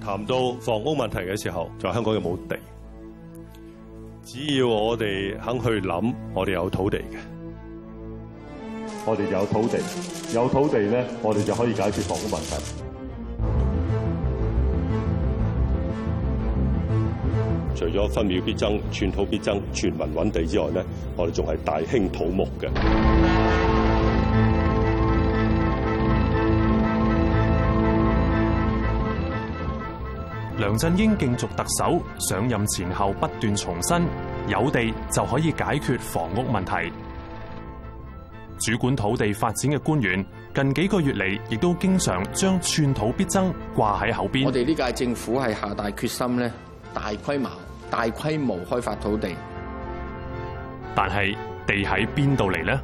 談到房屋問題嘅時候，就香港又冇地。只要我哋肯去諗，我哋有土地嘅，我哋有土地。有土地咧，我哋就可以解決房屋問題。除咗分秒必爭、寸土必爭、全民搵地之外咧，我哋仲係大興土木嘅。梁振英競逐特首上任前後不斷重申。有地就可以解決房屋問題。主管土地發展嘅官員近幾個月嚟，亦都經常將寸土必爭掛喺口邊。我哋呢屆政府係下大決心咧，大規模、大規模開發土地，但係地喺邊度嚟呢？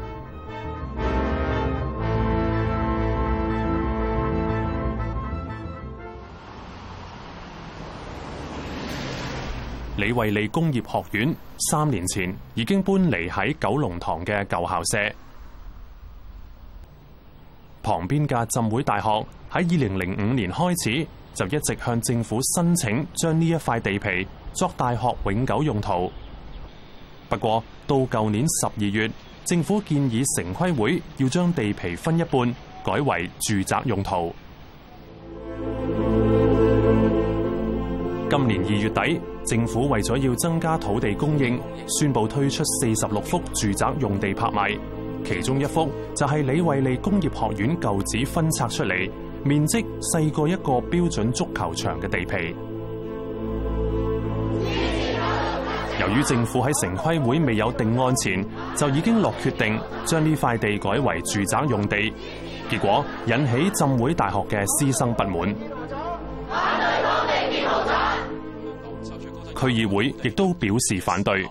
李惠利工業學院三年前已經搬離喺九龍塘嘅舊校舍，旁邊嘅浸會大學喺二零零五年開始就一直向政府申請將呢一塊地皮作大學永久用途，不過到舊年十二月，政府建議城規會要將地皮分一半改為住宅用途。今年二月底，政府為咗要增加土地供應，宣布推出四十六幅住宅用地拍賣，其中一幅就係李惠利工業學院舊址分拆出嚟，面積細過一個標準足球場嘅地皮。由於政府喺城規會未有定案前就已經落決定，將呢塊地改為住宅用地，結果引起浸會大學嘅師生不滿。區議會亦都表示反對。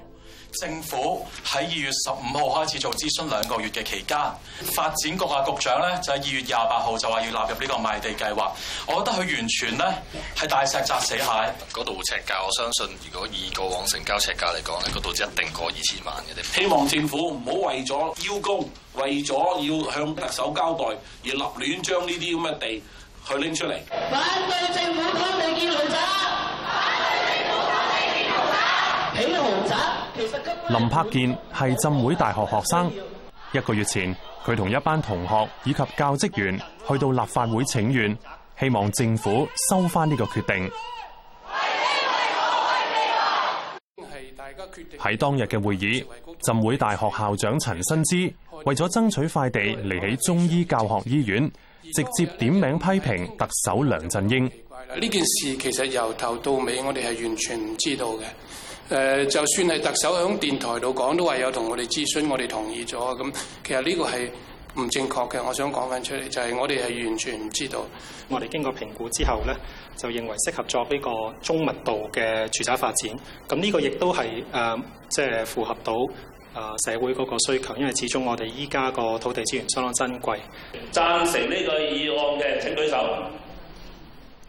政府喺二月十五號開始做諮詢兩個月嘅期間，發展局嘅局長咧就係二月廿八號就話要納入呢個賣地計劃。我覺得佢完全咧係大石砸死蟹。嗰度尺價，我相信如果以過往成交尺價嚟講咧，嗰度一定過二千萬嘅。希望政府唔好為咗邀功，為咗要向特首交代而立亂將呢啲咁嘅地去拎出嚟。反對政府講未見路仔。林柏健係浸會大學學生。一個月前，佢同一班同學以及教職員去到立法會請願，希望政府收翻呢個決定。喺當日嘅會議，浸會大學校長陳新之為咗爭取快地嚟起中醫教學醫院，直接點名批評特首梁振英。呢件事其實由頭到尾，我哋係完全唔知道嘅。誒，uh, 就算係特首響電台度講，都話有同我哋諮詢，我哋同意咗。咁其實呢個係唔正確嘅。我想講翻出嚟，就係、是、我哋係完全唔知道的，我哋經過評估之後呢，就認為適合作呢個中密度嘅住宅發展。咁呢個亦都係誒、即、呃、係、就是、符合到誒、呃、社會嗰個需求，因為始終我哋依家個土地資源相當珍貴。贊成呢個議案嘅請舉手。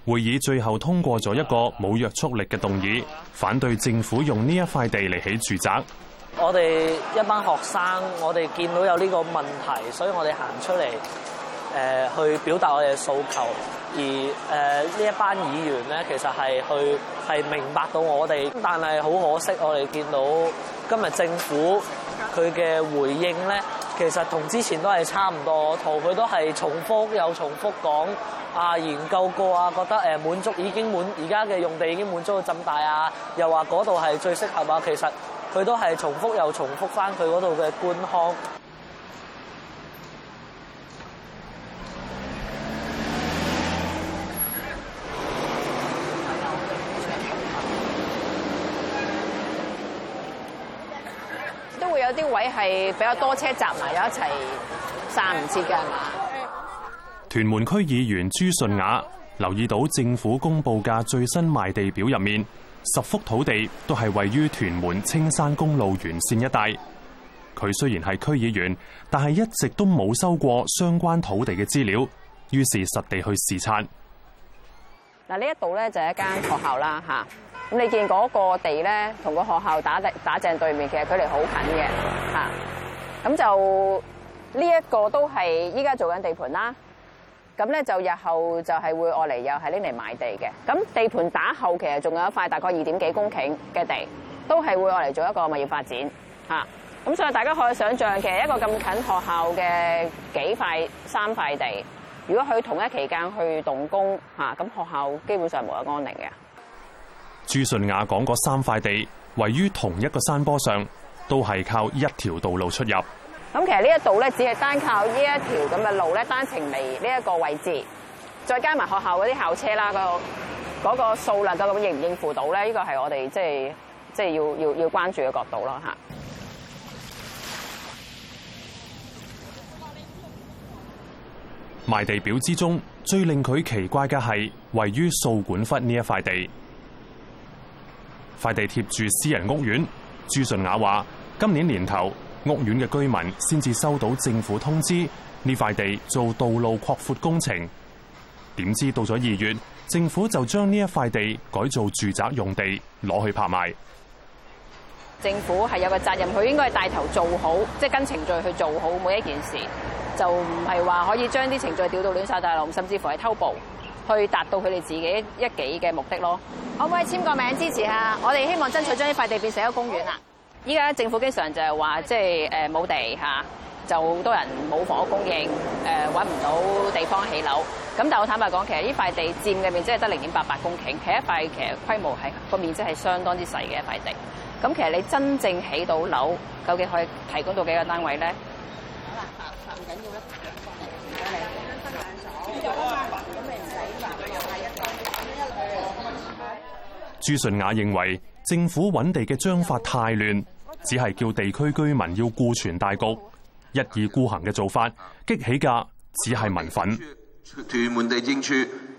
會議最後通過咗一個冇約束力嘅動議，反對政府用呢一塊地嚟起住宅。我哋一班學生，我哋見到有呢個問題，所以我哋行出嚟，誒、呃，去表達我哋嘅訴求。而誒，呢、呃、一班議員咧，其實係去係明白到我哋，但係好可惜，我哋見到今日政府佢嘅回應咧，其實同之前都係差唔多，同佢都係重複又重複講。啊！研究過啊，覺得誒滿足已經滿，而家嘅用地已經滿足到浸大啊，又話嗰度係最適合啊，其實佢都係重複又重複翻佢嗰度嘅官腔，都會有啲位係比較多車集埋，有一齊三唔切嘅係嘛？屯門區議員朱順雅留意到政府公布嘅最新賣地表入面，十幅土地都係位於屯門青山公路沿線一帶。佢雖然係區議員，但係一直都冇收過相關土地嘅資料，於是實地去視察。嗱，呢一度咧就係一間學校啦，吓咁你見嗰個地咧同個學校打打正對面，其實距離好近嘅吓。咁就呢一個都係依家做緊地盤啦。咁咧就日後就係會用嚟，又係拎嚟賣地嘅。咁地盤打後其實仲有一塊大概二點幾公頃嘅地，都係會用嚟做一個物業發展吓。咁所以大家可以想象，其實一個咁近學校嘅幾塊三塊地，如果佢同一期間去動工吓，咁學校基本上冇得安寧嘅。朱信雅講，嗰三塊地位於同一個山坡上，都係靠一條道路出入。咁其實呢一度咧，只係單靠呢一條咁嘅路咧，單程嚟呢一個位置，再加埋學校嗰啲校車啦，個嗰個數量咁應唔應付到咧？呢個係我哋即係即係要要要關注嘅角度咯，吓。賣地表之中，最令佢奇怪嘅係位於掃管笏呢一塊地，塊地貼住私人屋苑朱順雅話，今年年頭，屋苑嘅居民先至收到政府通知，呢塊地做道路擴闊工程。點知到咗二月，政府就將呢一塊地改做住宅用地，攞去拍賣。政府係有個責任，佢應該係帶頭做好，即係跟程序去做好每一件事，就唔係話可以將啲程序調到亂晒大龍，甚至乎係偷步，去達到佢哋自己一己嘅目的咯。可唔可以簽個名支持下？我哋希望爭取將呢塊地變成一個公園啊！依家政府經常就係話，即係誒冇地嚇，就好多人冇房屋供應，誒揾唔到地方起樓。咁但我坦白講，其實呢塊地佔嘅面積係得零點八八公頃，其實一塊其實規模係個面積係相當之細嘅一塊地。咁其實你真正起到樓，究竟可以提供到幾個單位咧？好喇，唔緊要。朱順雅認為政府揾地嘅章法太亂。只係叫地區居民要顧全大局，一意孤行嘅做法激起嘅只係民憤。屯門地政處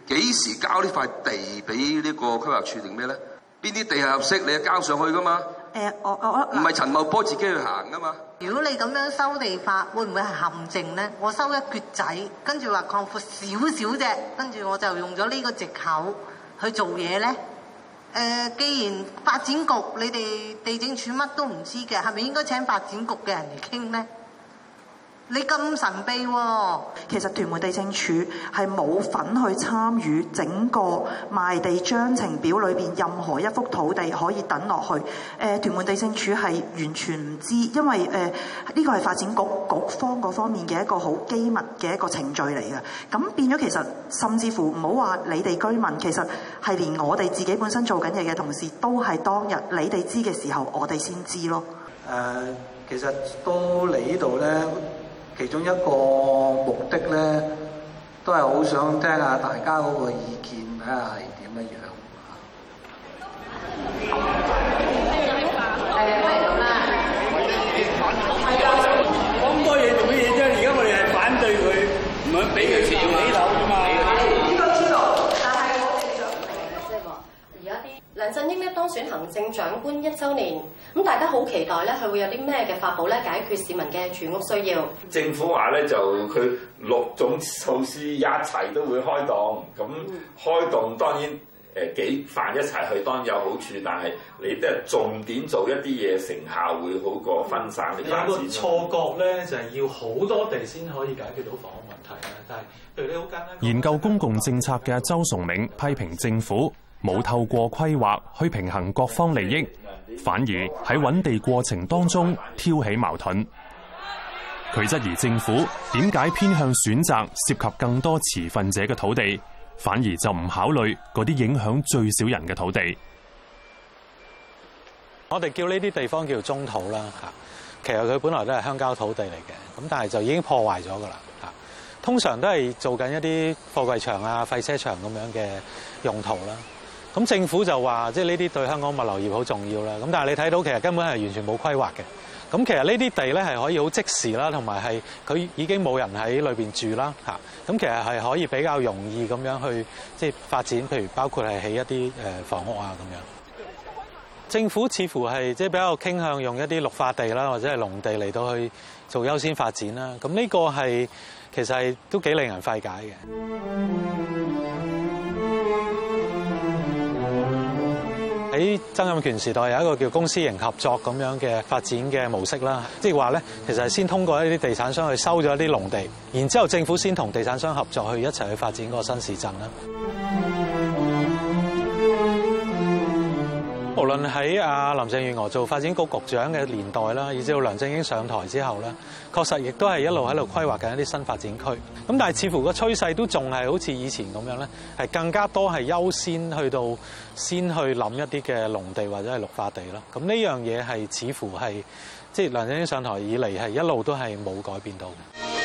幾時交呢塊地俾呢個規劃處定咩咧？邊啲地係合適，你要交上去㗎嘛？呃、我我唔係陳茂波自己去行㗎嘛？如果你咁樣收地法，會唔會係陷阱咧？我收一橛仔，跟住話擴闊少少啫，跟住我就用咗呢個藉口去做嘢咧。誒，既然發展局你哋地政處乜都唔知嘅，係咪應該請發展局嘅人嚟傾咧？你咁神秘喎、哦？其實屯門地政署係冇份去參與整個賣地章程表裏面任何一幅土地可以等落去、呃。屯門地政署係完全唔知，因為呢個係發展局局方嗰方面嘅一個好機密嘅一個程序嚟嘅。咁變咗其實甚至乎唔好話你哋居民，其實係連我哋自己本身做緊嘢嘅同事都係當日你哋知嘅時候，我哋先知咯、呃。其實到嚟呢度咧。其中一個目的咧，都係好想聽下大家個意見睇下係點樣樣。係啊，講咁多嘢做乜嘢啫？而家我哋係反對佢唔俾佢。不梁振英咧當選行政長官一週年，咁大家好期待咧，佢會有啲咩嘅法寶咧解決市民嘅住屋需要。政府話咧就佢六種措施一齊都會開動，咁開動當然誒幾煩一齊去當然有好處，但係你都係重點做一啲嘢，成效會好過分散。你有一個錯覺咧，就係、是、要好多地先可以解決到房屋問題嘅，但係譬如你好簡單。研究公共政策嘅周崇銘批評政府。冇透過規劃去平衡各方利益，反而喺搵地過程當中挑起矛盾。佢質疑政府點解偏向選擇涉及更多持份者嘅土地，反而就唔考慮嗰啲影響最少人嘅土地。我哋叫呢啲地方叫棕土啦，吓，其實佢本來都係鄉郊土地嚟嘅，咁但係就已經破壞咗噶啦。通常都係做緊一啲貨櫃場啊、廢車場咁樣嘅用途啦。咁政府就話，即係呢啲對香港物流業好重要啦。咁但係你睇到其實根本係完全冇規劃嘅。咁其實呢啲地咧係可以好即時啦，同埋係佢已經冇人喺裏邊住啦，吓。咁其實係可以比較容易咁樣去即係發展，譬如包括係起一啲誒房屋啊咁樣。政府似乎係即係比較傾向用一啲綠化地啦，或者係農地嚟到去做優先發展啦。咁呢個係其實係都幾令人費解嘅。喺曾蔭權時代有一個叫公私營合作咁樣嘅發展嘅模式啦，即係話咧，其實係先通過一啲地產商去收咗一啲農地，然之後政府先同地產商合作去一齊去發展嗰個新市鎮啦。無論喺阿林鄭月娥做發展局局長嘅年代啦，以至到梁振英上台之後咧，確實亦都係一路喺度規劃緊一啲新發展區。咁但係似乎個趨勢都仲係好似以前咁樣咧，係更加多係優先去到先去諗一啲嘅農地或者係綠化地咯。咁呢樣嘢係似乎係即係梁振英上台以嚟係一路都係冇改變到嘅。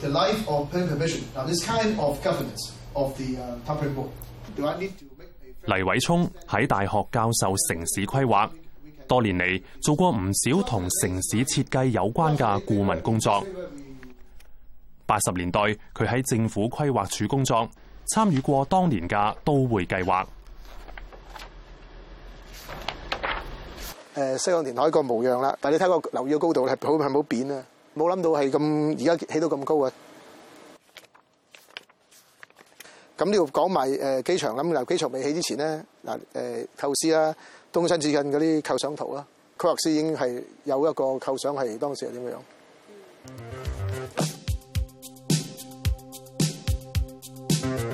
The life of prohibition. Now, this kind of governance of the paper board. Do I need to make a? 黎偉聰喺大學教授城市規劃，多年嚟做過唔少同城市設計有關嘅顧問工作。八十年代佢喺政府規劃署工作，參與過當年嘅都會計劃。誒，西港填海個模樣啦，但你睇個樓宇嘅高度係好係冇變啊？冇諗到係咁，而家起到咁高啊！咁呢個講埋誒機場啦，嗱機場未起之前咧，嗱誒構思啦，東新市鎮嗰啲構想圖啦，規劃師已經係有一個構想係當時係點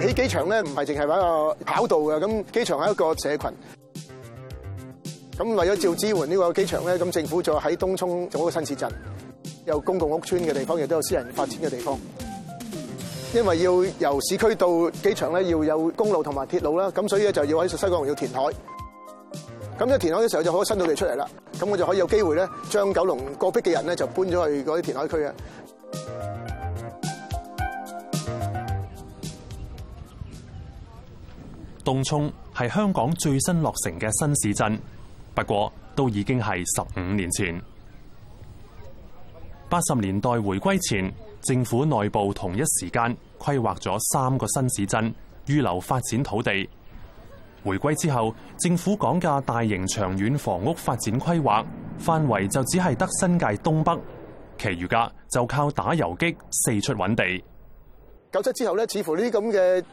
樣，起機場咧，唔係淨係一個跑道嘅，咁機場係一個社群。咁為咗照支援呢個機場咧，咁政府就喺東涌做一個新市鎮。有公共屋邨嘅地方，亦都有私人發展嘅地方。因為要由市區到機場咧，要有公路同埋鐵路啦，咁所以咧就要喺西九龍要填海。咁一填海嘅時候就可以有新土地出嚟啦，咁我就可以有機會咧，將九龍個迫嘅人咧就搬咗去嗰啲填海區啊。東涌係香港最新落成嘅新市鎮，不過都已經係十五年前。八十年代回歸前，政府內部同一時間規劃咗三個新市鎮，預留發展土地。回歸之後，政府講嘅大型長遠房屋發展規劃範圍就只係得新界東北，其餘嘅就靠打游擊四出搵地。九七之後呢，似乎呢啲咁嘅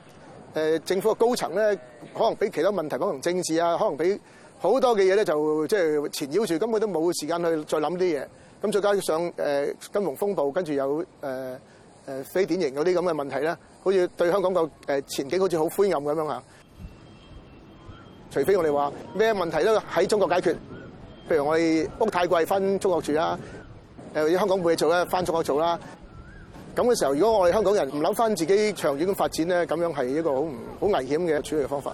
誒，政府嘅高層呢，可能俾其他問題，可能政治啊，可能俾好多嘅嘢咧，就即係纏繞住，根本都冇時間去再諗啲嘢。咁再加上、呃、金融風暴，跟住有、呃呃、非典型嗰啲咁嘅問題咧，好似對香港個、呃、前景好似好灰暗咁樣啊！除非我哋話咩問題都喺中國解決，譬如我哋屋太貴，翻中國住啦；呃、香港冇嘢做咧，翻中國做啦。咁嘅時候，如果我哋香港人唔諗翻自己長遠咁發展咧，咁樣係一個好唔好危險嘅處理方法。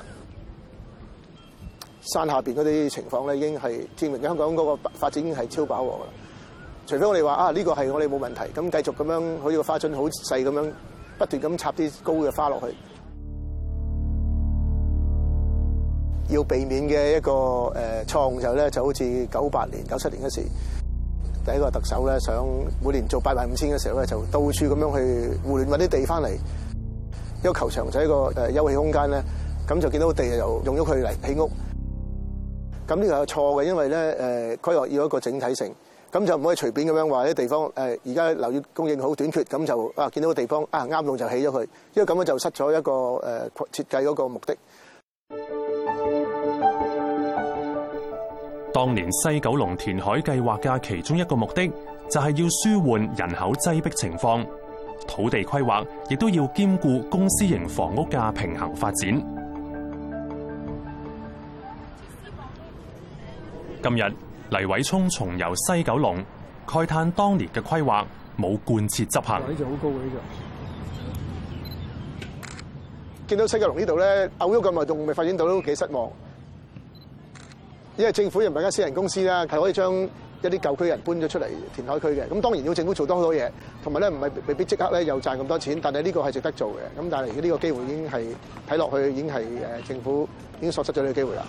山下邊嗰啲情況咧，已經係證明香港嗰個發展已經係超飽和噶啦。除非我哋話啊，呢個係我哋冇問題，咁繼續咁樣好似、個花樽好細咁樣，不斷咁插啲高嘅花落去。要避免嘅一個誒錯誤就咧，就好似九八年、九七年嗰時，第一個特首咧想每年做八萬五千嘅時候咧，就到處咁樣去胡亂揾啲地翻嚟，一、個球場就係一個誒、呃、休憩空間咧，咁就見到地就用咗佢嚟起屋。咁呢個係錯嘅，因為咧誒、呃、規劃要一個整體性。咁就唔可以隨便咁樣話啲地方誒，而家樓宇供應好短缺，咁就啊見到個地方啊啱用就起咗佢，因為咁樣就失咗一個誒、呃、設計嗰個目的。當年西九龍填海計劃嘅其中一個目的，就係要舒緩人口擠迫情況，土地規劃亦都要兼顧公私型房屋嘅平衡發展。今日。黎偉聰重遊西九龍，慨歎當年嘅規劃冇貫徹執行。呢座好高嘅呢座，見到西九龍呢度咧，漚喐咁耐仲未發展到，都幾失望。因為政府又唔係間私人公司啦，係可以將一啲舊區人搬咗出嚟填海區嘅。咁當然要政府做多好多嘢，同埋咧唔係未必即刻咧又賺咁多錢。但係呢個係值得做嘅。咁但係呢個機會已經係睇落去，已經係誒政府已經喪失咗呢個機會啦。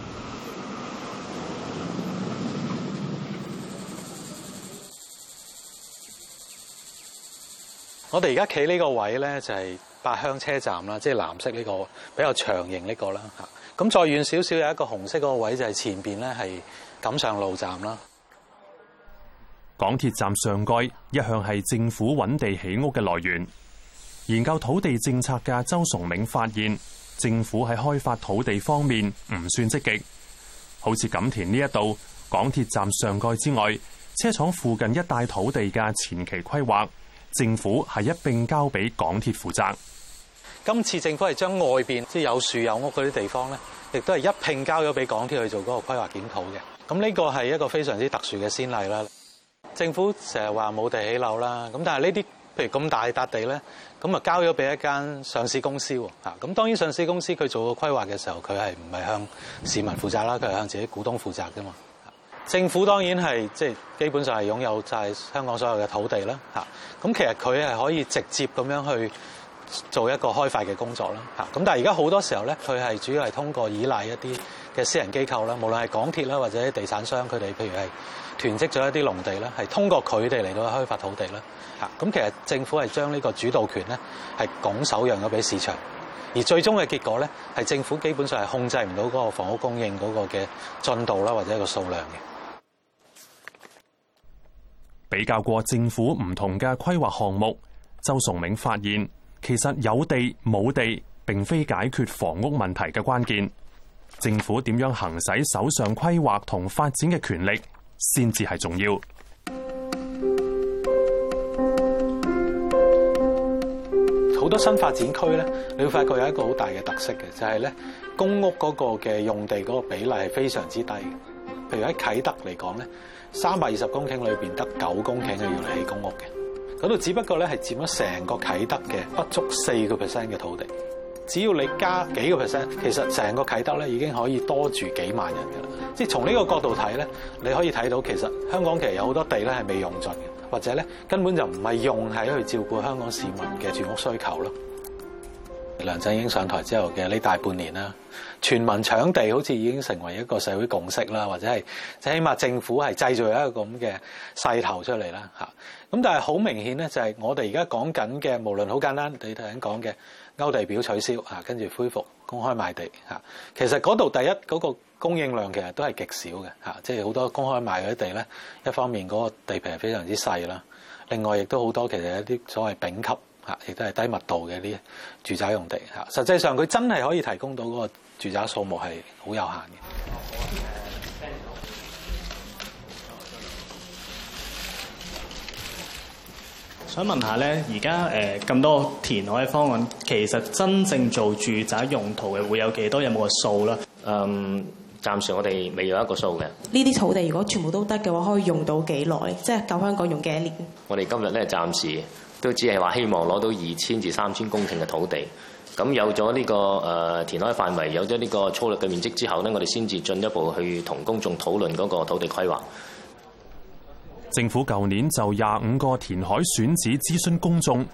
我哋而家企呢個位咧，就係八鄉車站啦，即係藍色呢個比較長型呢個啦。吓，咁再遠少少有一個紅色嗰個位，就係前邊咧係錦上路站啦。港鐵站上蓋一向係政府揾地起屋嘅來源。研究土地政策嘅周崇明發現，政府喺開發土地方面唔算積極，好似錦田呢一度港鐵站上蓋之外，車廠附近一帶土地嘅前期規劃。政府係一併交俾港鐵負責。今次政府係將外邊，即係有樹有屋嗰啲地方咧，亦都係一併交咗俾港鐵去做嗰個規劃檢討嘅。咁呢個係一個非常之特殊嘅先例啦。政府成日話冇地起樓啦，咁但係呢啲譬如咁大笪地咧，咁啊交咗俾一間上市公司喎。吓，咁當然上市公司佢做個規劃嘅時候，佢係唔係向市民負責啦？佢係向自己股東負責噶嘛？政府當然係即係基本上係擁有就係香港所有嘅土地啦嚇，咁其實佢係可以直接咁樣去做一個開發嘅工作啦嚇，咁但係而家好多時候咧，佢係主要係通過依賴一啲嘅私人機構啦，無論係港鐵啦或者地產商，佢哋譬如係囤積咗一啲農地啦，係通過佢哋嚟到開發土地啦嚇，咁其實政府係將呢個主導權咧係拱手讓咗俾市場，而最終嘅結果咧係政府基本上係控制唔到嗰個房屋供應嗰個嘅進度啦或者一個數量嘅。比較過政府唔同嘅規劃項目，周崇明發現，其實有地冇地，並非解決房屋問題嘅關鍵。政府點樣行使手上規劃同發展嘅權力，先至係重要。好多新發展區咧，你會發覺有一個好大嘅特色嘅，就係咧公屋嗰個嘅用地嗰個比例係非常之低嘅。譬如喺啟德嚟講咧。三百二十公頃裏面得九公頃係要嚟起公屋嘅，咁就只不過咧係佔咗成個啟德嘅不足四個 percent 嘅土地。只要你加幾個 percent，其實成個啟德咧已經可以多住幾萬人嘅啦。即係從呢個角度睇咧，你可以睇到其實香港其實有好多地咧係未用盡嘅，或者咧根本就唔係用喺去照顧香港市民嘅住屋需求咯。梁振英上台之後嘅呢大半年啦，全民搶地好似已經成為一個社會共識啦，或者係即起碼政府係製造一個咁嘅勢頭出嚟啦。吓，咁但係好明顯咧，就係我哋而家講緊嘅，無論好簡單你頭先講嘅，勾地表取消啊，跟住恢復公開賣地吓，其實嗰度第一嗰個供應量其實都係極少嘅吓，即係好多公開賣嗰啲地咧，一方面嗰個地皮係非常之細啦，另外亦都好多其實一啲所謂丙級。亦都係低密度嘅呢啲住宅用地嚇。實際上佢真係可以提供到嗰個住宅數目係好有限嘅。想問下咧，而家誒咁多填海嘅方案，其實真正做住宅用途嘅會有幾多有冇個數啦？嗯、呃，暫時我哋未有一個數嘅。呢啲土地如果全部都得嘅話，可以用到幾耐？即係夠香港用幾多年？我哋今日咧暫時，都只係話希望攞到二千至三千公頃嘅土地，咁有咗呢個誒填海範圍，有咗呢個粗略嘅面積之後呢，我哋先至進一步去同公眾討論嗰個土地規劃。政府舊年就廿五個填海選址諮詢公眾，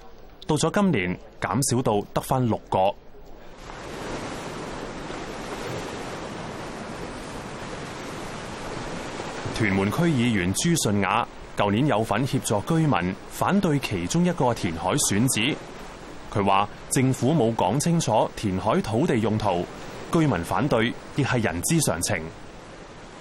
到咗今年減少到得返六個。屯門區議員朱順雅。舊年有份協助居民反對其中一個填海選址，佢話政府冇講清楚填海土地用途，居民反對亦係人之常情。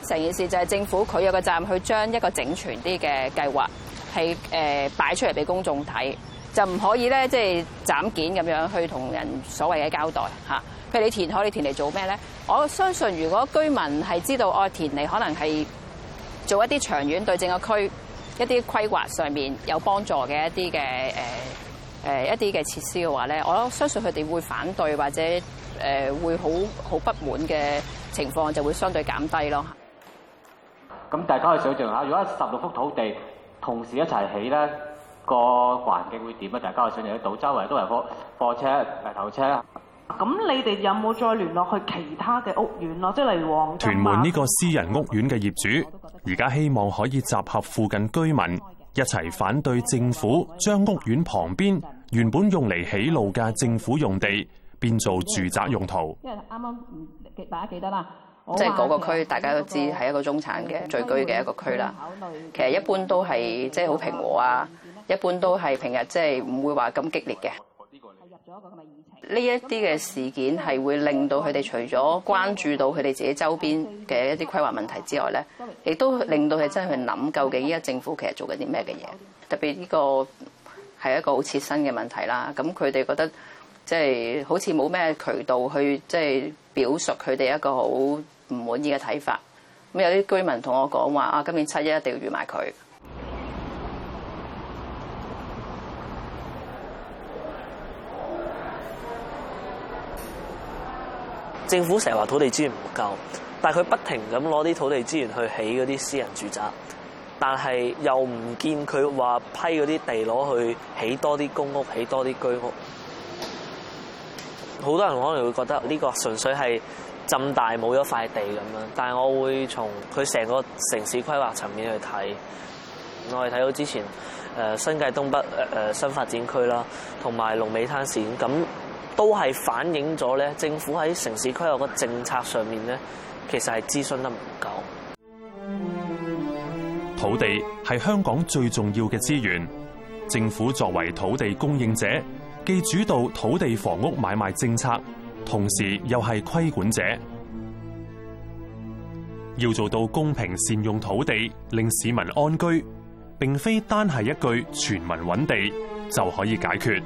成件事就係政府佢有個站去將一個整全啲嘅計劃係誒擺出嚟俾公眾睇，就唔可以咧即係斬件咁樣去同人所謂嘅交代吓。譬如你填海，你填嚟做咩咧？我相信如果居民係知道我填嚟可能係做一啲長遠對正個區，一啲規劃上面有幫助嘅一啲嘅誒誒一啲嘅設施嘅話咧，我相信佢哋會反對或者誒、呃、會好好不滿嘅情況就會相對減低咯。咁大家可以想象下，如果十六幅土地同時一齊起咧，個環境會點啊？大家可以想象得到，周圍都係貨貨車、泥頭車。咁你哋有冇再聯絡去其他嘅屋苑咯？即係例如屯，屯門呢個私人屋苑嘅業主，而家希望可以集合附近居民一齊反對政府將屋苑旁邊原本用嚟起路嘅政府用地變做住宅用途。因為啱啱大家記得啦，即係嗰個區大家都知係一個中產嘅聚居嘅一個區啦。其實一般都係即係好平和啊，一般都係平日即係唔會話咁激烈嘅。呢個係入咗一個係咪？呢一啲嘅事件係會令到佢哋除咗關注到佢哋自己周邊嘅一啲規劃問題之外咧，亦都令到佢真係去諗究竟依家政府其實做緊啲咩嘅嘢。特別呢個係一個好切身嘅問題啦。咁佢哋覺得即係好似冇咩渠道去即係表述佢哋一個好唔滿意嘅睇法。咁有啲居民同我講話啊，今年七一一定要預埋佢。政府成日話土地資源唔夠，但係佢不停咁攞啲土地資源去起嗰啲私人住宅，但係又唔見佢話批嗰啲地攞去起多啲公屋、起多啲居屋。好多人可能會覺得呢個純粹係浸大冇咗塊地咁樣，但係我會從佢成個城市規劃層面去睇，我哋睇到之前誒、呃、新界東北誒、呃呃、新發展區啦，同埋龍尾灘線咁。都係反映咗咧，政府喺城市規劃嘅政策上面咧，其實係諮詢得唔夠。土地係香港最重要嘅資源，政府作為土地供應者，既主導土地房屋買賣政策，同時又係規管者，要做到公平善用土地，令市民安居，並非單係一句全民揾地就可以解決。